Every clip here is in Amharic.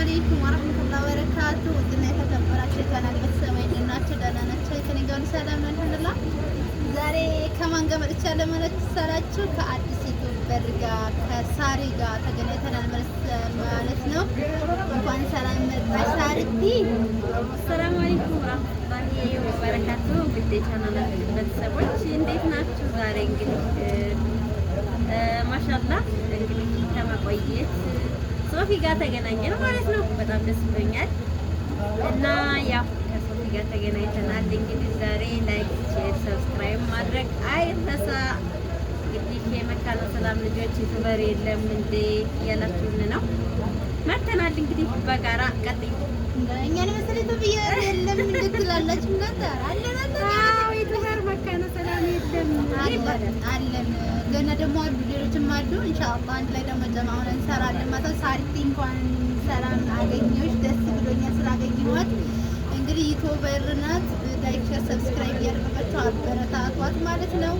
አለይኩም ወራህመቱላሂ ወበረካቱህ። ውድና የተከበራችሁ የቻናሌ ቤተሰቦች እንደምን ናችሁ? ደህና ናችሁ? ከእኔ ሰላም ነው ዛሬ ከማን ጋር መጥቻለሁ ማለት ትሰራችሁ? ከአዲስ በር ጋር ከሳሪ ጋር ተገናኝተናል ማለት ነው። እንኳን ሰላም መጣሽ ሳሪቲ። ሰላም አለይኩም ወራህመቱላሂ ወበረካቱህ። ውድ የቻናሌ ቤተሰቦች እንዴት ናችሁ? ዛሬ እንግዲህ ማሻአላህ እንግዲህ ከመቆየት ሶፊ ጋር ተገናኘን ማለት ነው። በጣም ደስ ብሎኛል እና ያው ከሶፊ ጋር ተገናኝተናል። እንግዲህ ዛሬ ላይክ፣ ሼር፣ ሰብስክራይብ ማድረግ አይረሳ። እንግዲህ የመካነ ሰላም ልጆች ዩቱበር የለም እንዴ እያላችሁን ነው መተናል። እንግዲህ በጋራ ቀጥይ እኛን መሰለቱ ሶፊ የለም እንድትላላችሁ ጋር አለ ነበር። አዎ ዩቱበር መካነ ሰላም የለም አለ ገና ደግሞ አሉ ሌሎችም አሉ። እንሻላ አንድ ላይ ደግሞ ጀማ ሆነን እንሰራለን ማታ ነው። ሳሪቲ እንኳን ሰላም አገኘሁሽ፣ ደስ ብሎኛል ስላገኘኋት። እንግዲህ ዩቱበር ናት። ላይክ፣ ሼር፣ ሰብስክራይብ እያደረጋችሁ አበረታቷት ማለት ነው።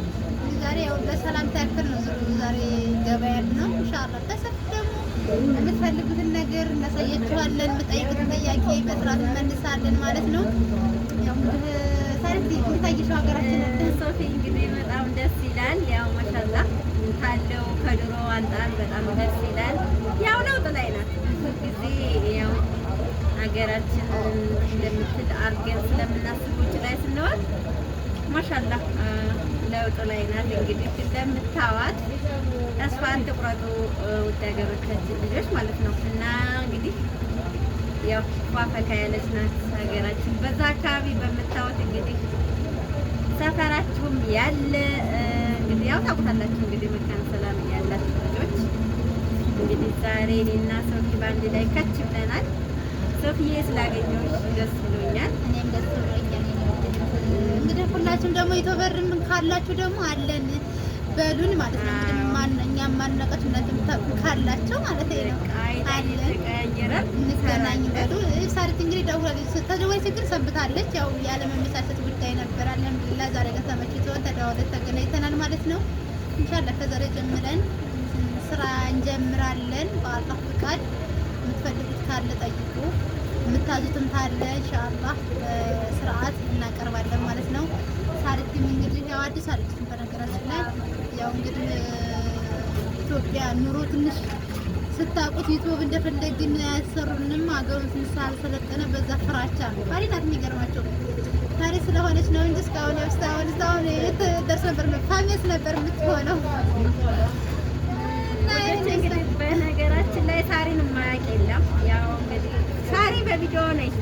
ዛሬ ያው በሰላም ታክል ነው ዝሩ ዛሬ ገበያ ነው። እንሻላ በሰፊ ደግሞ የምትፈልጉትን ነገር እናሳያችኋለን። የምጠይቁትን ጥያቄ በስርዓት እንመልሳለን ማለት ነው ያው አሪፍ የታየሽው ሀገራችንን ሶፊ እንግዲህ በጣም ደስ ይላል። ያው ማሻላ ካለው ከድሮ አንጻር በጣም ደስ ይላል። ያው ለውጥ ላይ ናት። ብዙ ጊዜ ያው ሀገራችንን እንደምትል አድርገን ስለምናስብ ውጭ ላይ ስንሆን ማሻላ ለውጥ ላይ ናት። እንግዲህ እንደምታዋት ተስፋ አትቁረጡ ውድ ሀገሮቻችን ልጆች ማለት ነው እና ያው ፈካ ያለች ናት ሀገራችን። በዛ አካባቢ በምታወት እንግዲህ ሰፈራችሁም ያለ እንግዲህ ያው ታውቁታላችሁ እንግዲህ መካነ ሰላም ያላችሁ ልጆች እንግዲህ ዛሬ እኔና ሶፊ በአንድ ላይ ከች ብለናል። ሶፊዬ ስላገኘሁሽ ደስ ብሎኛል። እኔም ደስ ብሎኛል። እንግዲህ ሁላችሁም ደግሞ የተበርም ካላችሁ ደግሞ አለን በሉን ማለት ነው። ማንነቀች እና ካላቸው ማለት ነው እንገናኝ በሉ። ሳሪት እንግዲህ ደውላለች። ችግር ሰንብታለች። ያው ያለ መመቻቸት ጉዳይ ነበር። አልሐምዱሊላህ ዛሬ ጋር ተገናኝተናል ማለት ነው። ኢንሻአላህ ከዛሬ ጀምረን ስራ እንጀምራለን በአላህ ፍቃድ። የምትፈልጉት ካለ ጠይቁ፣ የምታዙትም ካለ ኢንሻአላህ እናቀርባለን ማለት ነው። ሳሪትም እንግዲህ ያው አዲስ አለች በነገራችን ላይ ያው እንግዲህ ኢትዮጵያ ኑሮ ትንሽ ስታውቁት ዩቲዩብ እንደፈለግን ያሰሩንም ሀገሩን ትንሽ አልሰለጠነ በዛ ፍራቻ ባሪ ናት። የሚገርማቸው ታሪ ስለሆነች ነው እንጂ እስካሁን እስካሁን እስካሁን ደርስ ነበር ፋሚስ ነበር የምትሆነው። በነገራችን ላይ ታሪን የማያውቅ የለም። ያው እንግዲህ ታሪ በቪዲዮ ነው ነች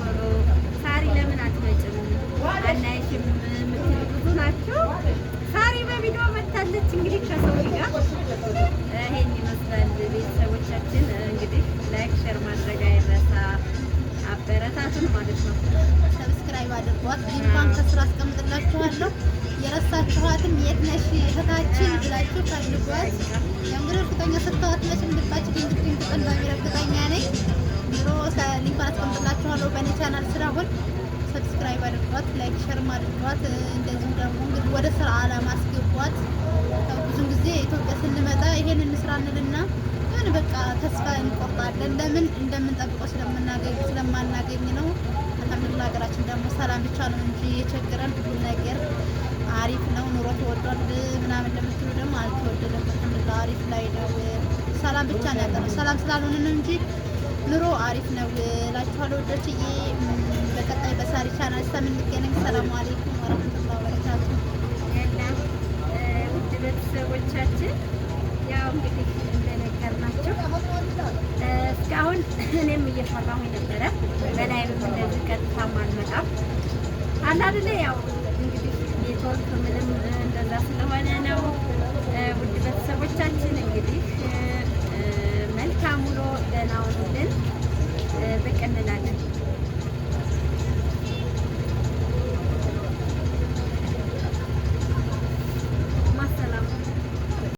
አለው። የረሳችኋትም የት ነሽ እህታችን ብላችሁ ፈልጓት። እንግዲህ እርግጠኛ ስትዋት መቼም ልባችሁ ድንግጥ ድንግጥ እንደሚል እርግጠኛ ነኝ። ቢሮ ሊንኩን አስቀምጥላችኋለሁ በእኔ ቻናል ስለሆን ሰብስክራይብ አድርጓት፣ ላይክ ሸርም አድርጓት። እንደዚሁም ደግሞ እንግዲህ ወደ ስራ አላማ አስገቧት። ብዙን ጊዜ ኢትዮጵያ ስንመጣ ይሄን እንስራ እንልና በቃ ተስፋ እንቆርጣለን። ለምን እንደምንጠብቀው ስለምናገኝ ስለማናገኝ ነው። በሀገራችን ደግሞ ሰላም ብቻ ነው እንጂ የቸገረን ብዙ ነገር አሪፍ ነው። ኑሮ ተወዷል ምናምን ለምትሉ ደግሞ አልተወደደም። ምትምላ አሪፍ ላይ ነው። ሰላም ብቻ ነው ያቀረው። ሰላም ስላልሆነ ነው እንጂ ኑሮ አሪፍ ነው እላችኋለሁ። ወዶችዬ በቀጣይ በሳሪ ቻናል እስከምንገናኝ ሰላም አሌይኩም። እኔም እየፈራሁ ነበረ በላይም እንደዚህ ቀጥታ ማንመጣም አላድለ ያው እንግዲህ ኔትወርክ ምንም